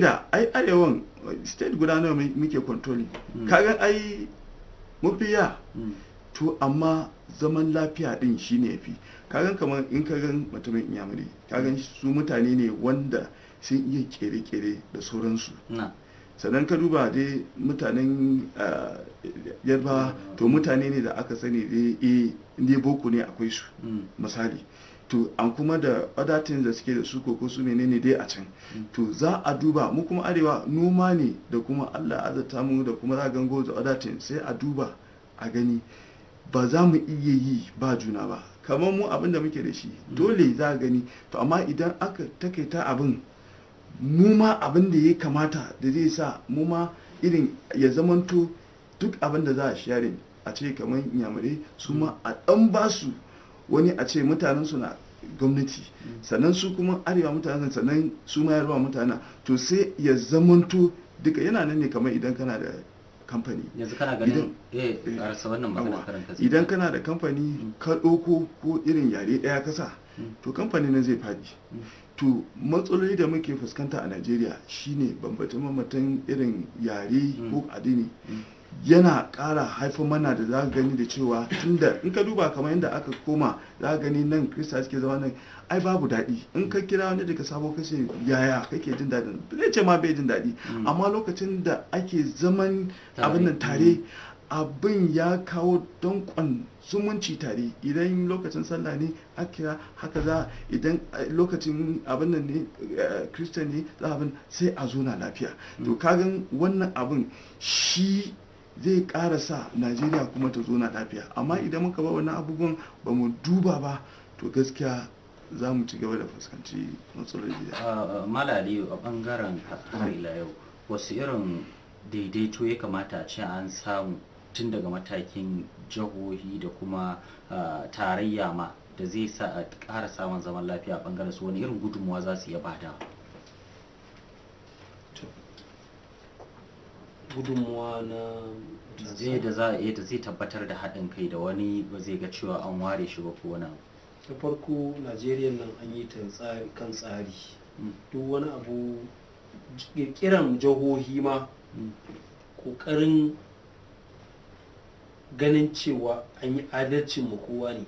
da ai arewan state guda nawa muke controlling mm. kaga ai mafiya to amma zaman lafiya din shine yafi kagan kamar in ka gan mutumin inyamuri kagan su mutane ne wanda sun iya kere-kere da sauransu sannan ka duba dai mutanen yarba to mutane ne da aka sani dai eh, ne boko ne akwai su mm. misali to an kuma da adatin da suke da su koko su menene dai a can mm. to za a duba mu kuma arewa noma ne da kuma allah azata mu da kuma ragango da adatin sai a duba a gani ba za mu iya yi ba juna ba kamar mu abin muke da shi mm. dole za a gani to amma idan aka takaita abin mu ma abin ya kamata da zai sa mu ma irin ya zamanto duk abinda za a share a ce kamar yamare su ma mm. a dan ba su wani a ce mutanen su na gwamnati mm. sannan su kuma arewa mutanen sannan su ma yarba mutanen to sai ya zamanto duka yana nan ne kamar idan kana da kamfani yanzu kana ganin eh, eh karasa wannan magana karanta idan kana da kamfani mm. ka ɗauko ko irin yare ɗaya kasa mm. to kamfani nan zai faɗi mm. to matsaloli da muke fuskanta a Najeriya shine bambancin mamatan irin yare ko addini yana kara haifar mana da za gani da cewa tunda in ka duba kamar yadda aka koma za gani nan kirista suke zama nan ai babu daɗi in ka kira wani daga sabo ka ce yaya kake jin daɗin bai ce ma bai jin daɗi mm. amma lokacin da ake zaman abin nan tare mm. abin ya kawo kwan zumunci tare idan lokacin sallah ne a kira haka za idan eh, lokacin abin nan ne eh, ne za abin sai a zo na lafiya mm. to kagan wannan abin shi zai ƙara sa najeriya kuma ta zo na lafiya amma idan muka ba wannan abubuwan ba mu duba ba to gaskiya za mu ci gaba da fuskanci matsaloli da ah, ah, malali a bangaren har ila yau wasu irin daidaito ya kamata a ce an samu tun daga matakin jihohi da kuma ah, tarayya ma da zai sa a ƙara samun zaman lafiya a bangaren su wani irin gudunmuwa za su iya bada gudunmuwa na da za a eh, iya da zai tabbatar da haɗin kai da wani ba zai ga cewa an ware shi ba ko wani abu ta farko najeriya nan an yi ta kan tsari duk wani abu kiran jihohi ma kokarin ganin cewa an yi adalcin mu kowa ne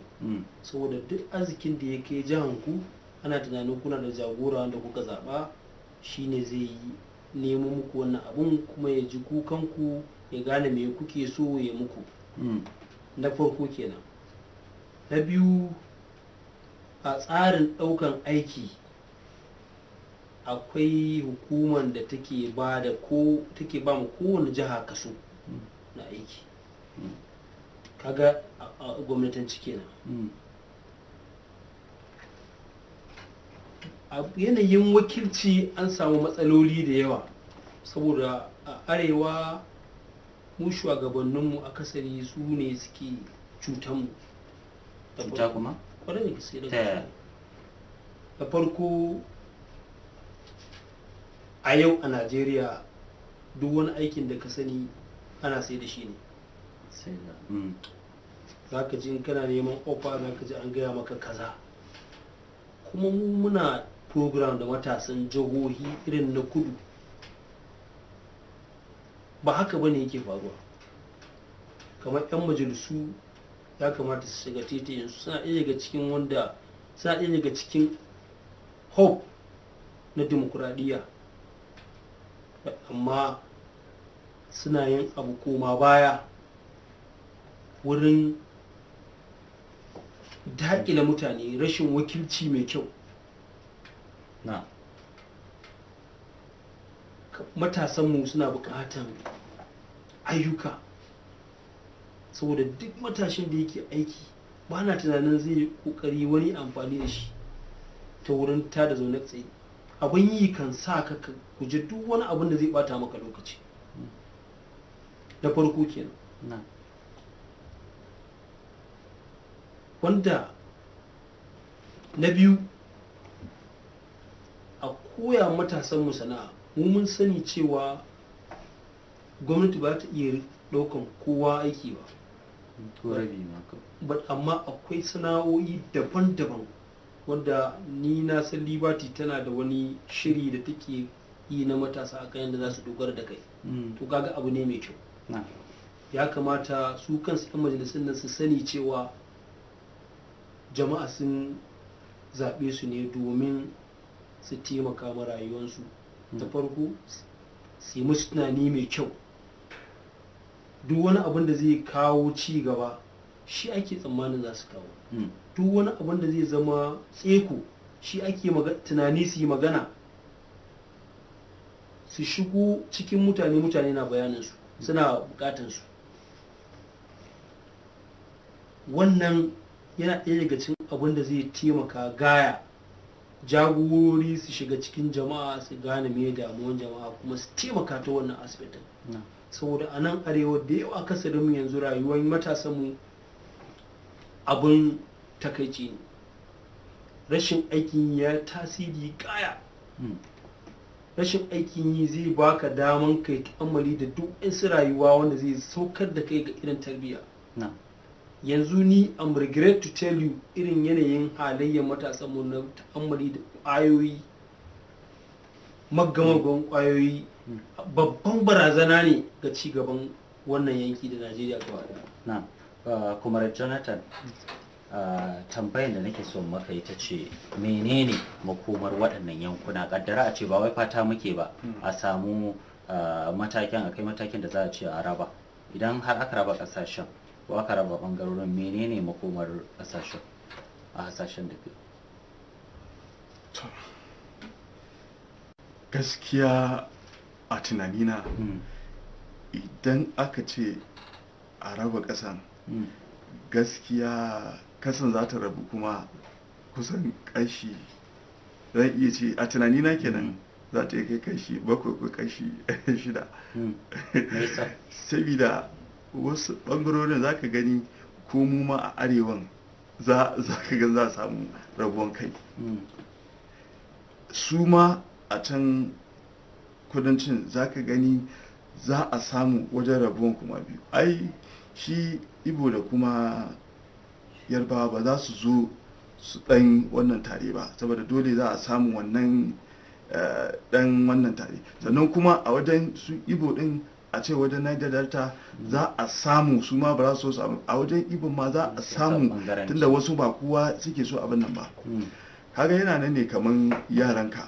saboda duk arzikin da ya kai jihan ku ana tunanin kuna da jagora wanda kuka zaɓa shine zai yi nemo muku wannan abun kuma ya ji kukanku ya gane me kuke so ya muku hmm. na farko kenan na biyu a tsarin ɗaukan aiki akwai hukumar da take ba da ko take ba mu kowane jiha kaso na aiki kaga a gwamnatin ciki na a yanayin wakilci an samu matsaloli da yawa saboda a arewa mu shugabanninmu akasari su ne suke cutanmu kwarai da gaske da eh. da farko a yau a najeriya duk wani aikin da ka sani ana sai da shi ne mm. za ka ji kana neman ofa za ka ji an gaya maka kaza kuma mu muna program da matasan jihohi irin na kudu ba haka bane yake faruwa kamar 'yan majalisu ya kamata su shiga titiyin su suna iya ga cikin wanda suna iya ga cikin hope na demokuraɗiyya amma suna yin abu koma baya wurin daƙila mutane rashin wakilci mai kyau na matasanmu suna buƙatan ayyuka saboda duk matashin da yake aiki ba na tunanin zai yi kokari wani amfani da shi ta wurin ta da zaune tsaye abin yi kan sa ka guji duk wani abin da zai bata maka lokaci da farko kenan wanda na biyu a koya matasanmu sana'a mu mun sani cewa gwamnati ba ta iya ɗaukan kowa aiki ba to rabi amma akwai sana'o'i daban-daban wanda ni na san liberty tana da wani shiri da take yi na matasa akan yadda za su dogara da kai hmm. to kaga abu ne mai kyau ya kamata su kansu 'yan majalisun nan su sani cewa jama'a sun zaɓe su ne domin su taimaka ma rayuwarsu da hmm. farko su yi musu tunani mai kyau duk wani abin da zai kawo ci gaba shi ake tsammanin za su kawo hmm. duk wani abin da zai zama tseko shi ake tunani su yi magana su shigo cikin mutane mutane na bayaninsu suna bukatansu wannan yana ɗaya daga cikin abin da zai taimaka gaya jagorori su shiga cikin jama'a su gane me damuwan jama'a kuma su taimaka ta wannan asibitin saboda a nan arewa da yawa mu yanzu rayuwar matasanmu abin takaici ne rashin aikin ya tasiri kaya hmm. rashin aikin yi zai baka daman kai amali da duk insu rayuwa wanda zai saukar da kai ga irin tarbiyya yanzu ni a regret to tell you irin yanayin halayyar matasanmu na ta'ammali da ƙwayoyi magamagon ƙwayoyi babban barazana ne ga ci gaban wannan yanki da najeriya gaba na kuma ah, jonathan ah, tambayin da nake son maka ita ce menene makomar waɗannan yankuna kaddara a ce ba wai fata muke ba hmm. a samu ah, matakin a kai matakin da za a ce a raba idan har aka raba ƙasashen ko aka raba ɓangarorin menene makomar ƙasashen a hasashen da gaskiya a tunanina hmm. idan aka ce a raba ƙasan hmm. gaskiya kasan za ta rabu kuma kusan kashi zan iya ce a tunanina kenan hmm. za ta kai kashi bakwai ko kashi shida saboda wasu ɓangarorin za ka gani ko mu ma a arewan za ka gan za samu rabuwan kai su ma a can kudancin za ka gani za a samu wajen rabuwan kuma biyu ai shi ibo da kuma yarba ba za su zo su ɗan wannan tare ba saboda dole za a samu wannan eh, ɗan wannan tare sannan kuma a wajen su ibo ɗin a ce wajen niger delta za a samu su ma ba za su samu a wajen ibo ma za a samu tunda wasu ba kowa suke so abin nan ba hmm. kaga yana nan ne kamar yaranka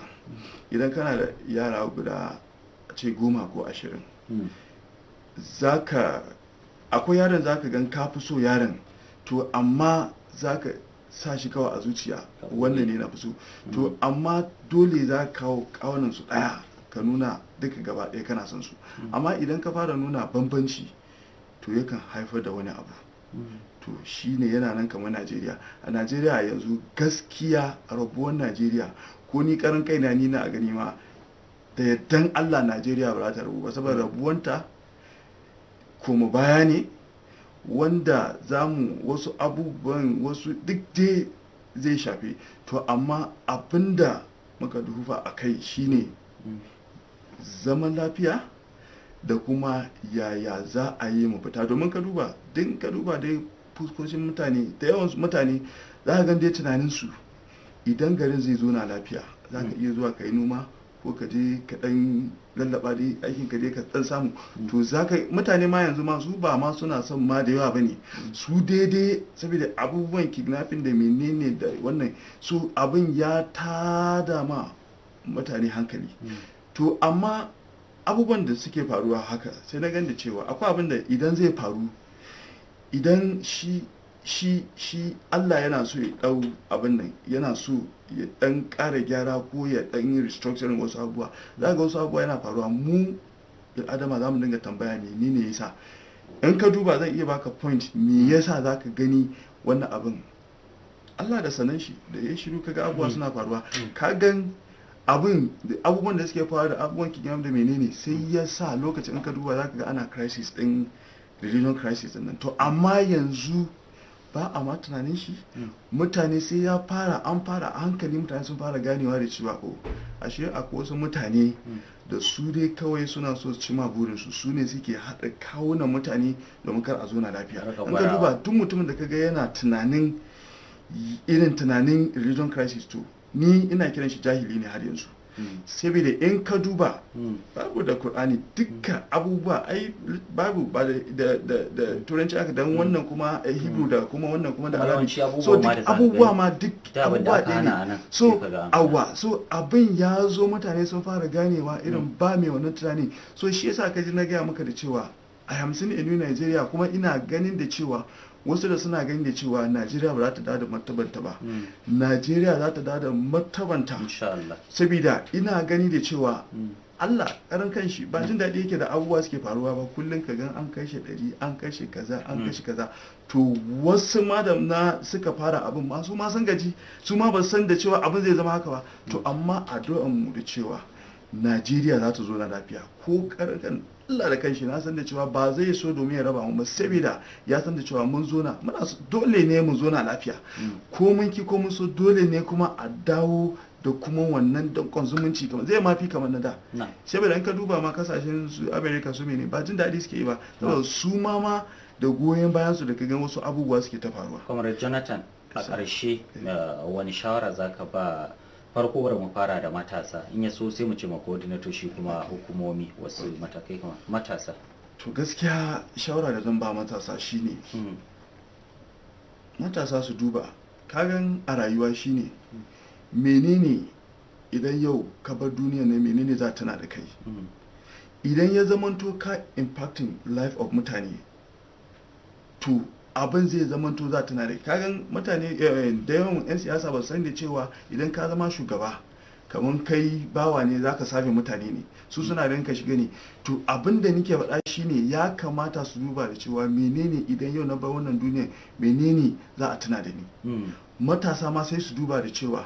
idan kana da yara guda ce goma ko ashirin hmm. akwai yaron ka gan kafi so yaron to amma za ka sa shi kawai a zuciya wannan ne na fi so hmm. to amma dole za ka kawo kawunan su daya ka nuna duka gaba ɗaya kana son su hmm. amma idan ka fara nuna bambanci to yakan haifar da wani abu to shi ne yana nan kamar najeriya a najeriya yanzu gaskiya rabuwar najeriya ko ni karan kaina ni na a gani ma da yaddan Allah Najeriya ba za ta rabu ba saboda rabuwanta koma baya ne wanda za mu wasu abubuwan wasu duk dai zai shafe to amma abinda muka dufa a kai shine zaman lafiya da kuma yaya za a yi mu fita domin ka duba din ka duba dai fuskocin mutane da yawan mutane za a gan dai tunaninsu idan garin zai zo na lafiya za ka mm. iya zuwa ka yi noma ko ka je ka dan lallaba dai aikin ka dai ka dan samu mm. to ka mutane ma yanzu ma su ba ma suna son ma da yawa bane mm. su daidai saboda abubuwan kidnapping da menene da wannan su abin ya tada ma mutane hankali to amma abubuwan da suke faruwa haka sai na ganda cewa akwai abin da idan zai faru idan shi shi shi Allah yana so ya dau abin nan yana so ya ɗan kara gyara ko ya dan yi restructuring wasu abubuwa za ga wasu abubuwa yana faruwa mu bil adama za mu dinga tambaya ne ne yasa in ka duba zan iya baka point me yasa za ka gani wannan abin Allah da sanan shi da ya shiru kaga abubuwa suna faruwa ka gan abin abubuwan da suke faruwa da abubuwan kingdom da menene sai ya sa lokacin in ka duba za ka ga ana crisis din religion crisis din to amma yanzu ba a ma tunanin shi hmm. mutane sai ya fara an fara hankali mutane sun fara ganewa da cewa ko oh, ashe akwai wasu mutane hmm. da su dai kawai suna so su cima burin su ne suke haɗa kawunan mutane domin kar a na lafiya an ka duba tun mutumin da ka ga yana tunanin irin tunanin religion crisis to ni ina kiran shi jahili ne har yanzu Hmm. saboda in ka duba hmm. babu da kur'ani duka hmm. abubuwa ai babu ba da turanci aka dan wannan kuma eh, hebrew da kuma wannan kuma da arabi so duk abubuwa ma duk abubuwa ɗaya ne so awa so abin ya zo mutane sun fara ganewa irin ba mai wannan tunani so shi yasa ka ji na gaya maka da cewa a hamsin inu nigeria kuma ina ganin da cewa wasu da suna gani da cewa najeriya ba za ta dada martabanta ba hmm. najeriya za ta dada martabanta saboda ina gani da cewa hmm. Allah karan kanshi ba hmm. jin daɗi yake da abubuwa suke faruwa ba kullum ka gan an kashe ɗari an kashe kaza an kashe kaza to wasu ma da na suka fara abin ma su ma sun gaji su ma ba san da cewa abin zai zama haka ba to amma addu'an mu da cewa Najeriya za ta zo na lafiya ko karan Allah da kanshi na san da cewa ba zai so domin ya raba mu saboda ya san da cewa mun zo na muna dole ne mun zo na lafiya ko mun ki ko mun so dole ne kuma a dawo da kuma wannan dankon zumunci kamar zai mafi kamar na da saboda in ka duba ma kasashen su america su mene ba jin daɗi suke yi ba saboda su ma ma da goyon bayan su da kagan wasu abubuwa suke ta faruwa kamar jonathan a ƙarshe eh, wani shawara zaka ba farko bari mu fara da matasa in ya so sai mu ce ma shi kuma hukumomi wasu matakai kuma matasa to gaskiya shawara da zan ba matasa shine hmm. matasa su duba kagan a rayuwa shine menene idan yau ka bar duniya ne menene za na da kai hmm. idan ya zamanto ka impacting life of mutane to abin zai zama to za tana da kagan mutane eh, da yawan 'yan siyasa ba san da cewa idan ka zama shugaba kamar kai bawa ne za ka safe mutane ne su suna da ka shiga ne to abin da nike faɗa shi ne ya kamata su duba da cewa menene idan yau na bar wannan duniya menene za a tuna da ni hmm. matasa ma sai su duba da cewa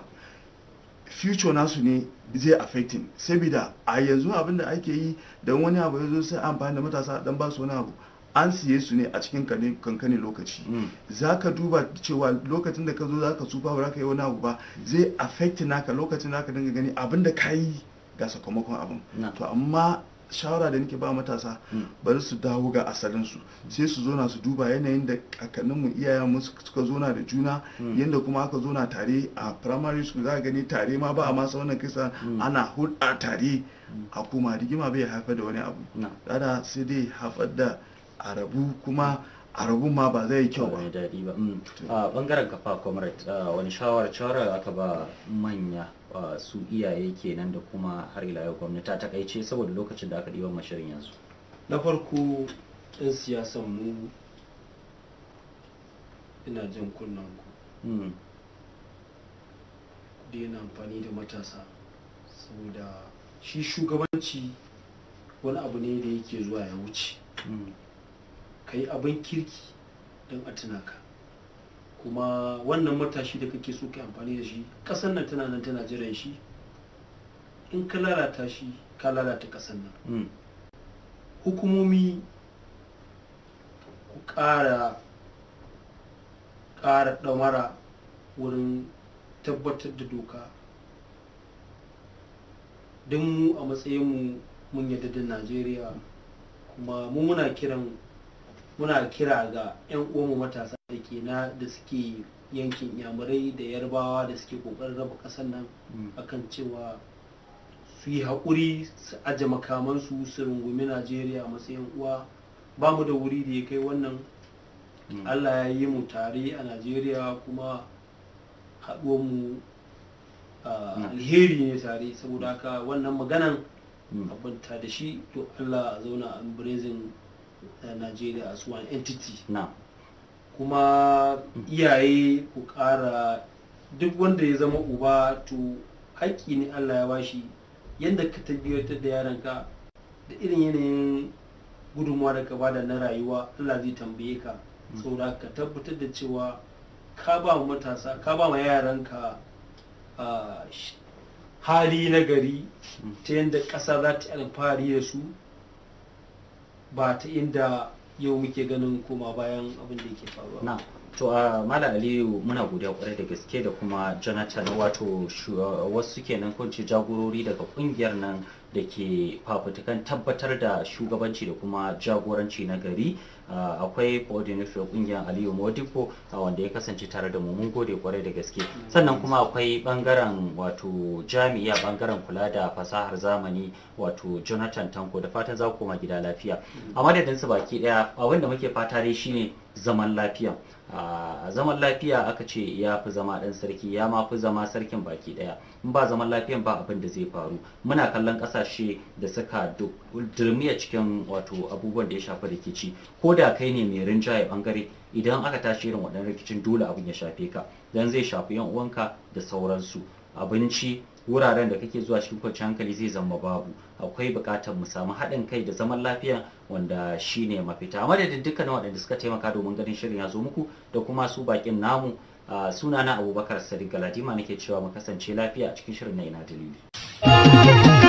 future nasu ne zai affecting Sabida a yanzu abin da ake yi don wani abu ya zo sai amfani da matasa dan ba su wani abu an siye su ne a cikin kankani lokaci mm. za ka duba cewa lokacin da ka zo za ka tsufa ba za ka yi wani abu ba zai affect naka lokacin da ka dinga gani abin da ka yi ga sakamakon abin to amma shawara da nake ba matasa mm. bari su dawo ga asalinsu sai su zona su duba yanayin da kakanninmu iyayenmu suka zona da juna mm. yadda kuma aka zona tare a primary school za gani tare ma ba a masa wannan kisa ana hulɗa tare a kuma rigima bai haifar da wani abu dada sai dai haifar da a rabu kuma a rabu ma ba zai kyau ba daɗi ba mm. a bangaren kafa comrade wani shawarar shawarar aka ba manya su iyaye kenan da kuma har ila yau gwamnati ta kaice saboda lokacin da aka ɗiban mashirin yanzu na farko yan siyasan mu ina jin kunnen mm. ku daina amfani da matasa saboda shi shugabanci wani abu ne da yake zuwa ya wuce mm. ka yi abin kirki don a tuna ka kuma wannan matashi da kake so ka amfani da shi ƙasar nan tana nan tana jiran shi in ka lalata shi ka lalata ƙasar nan hmm. hukumomi ku ƙara ƙara ɗamara wurin tabbatar da doka don mu a matsayinmu mun yadda da najeriya kuma mu muna kiran muna kira ga 'yan uwanmu matasa da ke na da suke yankin yamurai da yarbawa da suke kokarin raba ƙasar nan mm. akan cewa su yi haƙuri su aje makamansu su rungumi najeriya matsayin uwa ba mu da wuri da ya kai wannan mm. allah ya yi mu tare a najeriya kuma mu mm. alheri ne tare saboda haka wannan maganan abinta da shi to allah zauna a brezin Najeriya as one entity. Now. Kuma iyaye ku ƙara duk wanda ya zama uba to haƙƙi ne Allah ya bashi yadda ka tabbatar da yaranka da irin yanayin gudunmawa da ka bada na rayuwa Allah zai tambaye ka hmm. saboda ka tabbatar da cewa ka ba matasa ka ba yaran yaranka ah, hali na gari hmm. ta yadda ƙasa za ta alfahari da su ba ta inda yau muke ganin koma bayan abin da yake faruwa na to a ah, mala aliyu muna godiya kwarai da gaske da kuma jonathan wato wasu kenan kunci jagorori daga kungiyar nan da ke fafutukan tabbatar da shugabanci da kuma jagoranci na gari ah, akwai coordinator kungiyar aliyu modipo ah, wanda ya kasance tare da mu mun gode kwarai da gaske sannan kuma akwai bangaren wato jami'a bangaren kula da fasahar zamani wato jonathan tanko da fatan za ku koma gida lafiya a madadin su baki daya abinda muke fata dai shine zaman lafiya a zaman lafiya aka ce ya fi zama ɗan sarki ya ma fi zama sarkin baki ɗaya in ba zaman lafiyan ba abin da zai faru muna kallon ƙasashe da suka durmiya cikin wato abubuwan da ya shafi rikici ko da kai ne mai rinjaye bangare idan aka tashi irin waɗannan rikicin dole abin ya shafe ka dan zai shafi yan uwanka da sauransu abinci wuraren da kake zuwa cikin kwanciyar hankali zai zama babu akwai bukatar mu samu haɗin kai da zaman lafiya wanda shine mafita madadin dukkanin waɗanda suka taimaka domin ganin shirin ya zo muku da kuma su bakin namu sunana abubakar sadiq galadima nake cewa mu kasance lafiya a cikin shirin na ina dalili